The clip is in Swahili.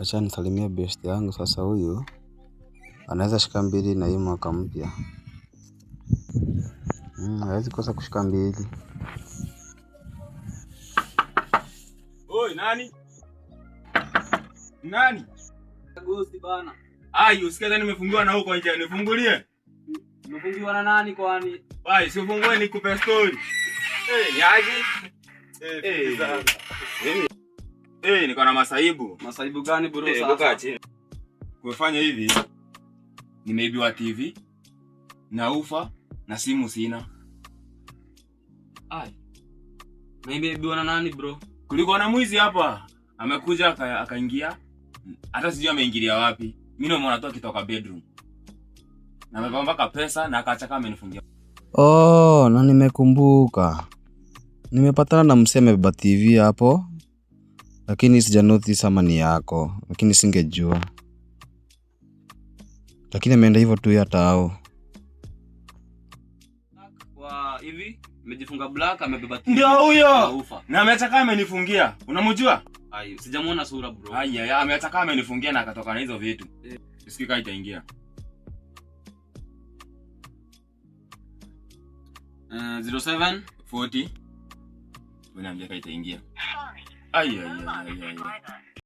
Acha nisalimie best yangu sasa huyu anaweza shika mbili na hii mwaka mpya mm, hawezi kosa kushika mbili Oi, nani? Nani? Ghost bana. Ai, usikia tena nimefungiwa na huko nje. Nifungulie. Nimefungiwa na nani kwani? Bye, sifungue nikupe story. Eh, hey, yaje. Eh, hey, eh. hey wewe niko na masaibu. Masaibu gani bro sasa? Hey, kukaa Kufanya hivi nimeibiwa TV na ufa na simu sina. Ai. Na imeibiwa na nani bro? Kulikuwa na mwizi hapa. Amekuja akaingia. Hata sijui ameingilia wapi. Mimi mwana tu akitoka bedroom. Na amevaa mpaka pesa na akaacha kama amenifungia. Oh, na nimekumbuka. Nimepatana na mseme Beba TV hapo lakini sijanotice ama ni yako, lakini singejua. Lakini ameenda hivyo tu hata hao. Ndio huyo. Na ametaka amenifungia. Unamjua? sijamuona sura bro. amenifungia na akatoka na hizo vitu. Eh. Sikika itaingia. Uh, 哎呀呀呀！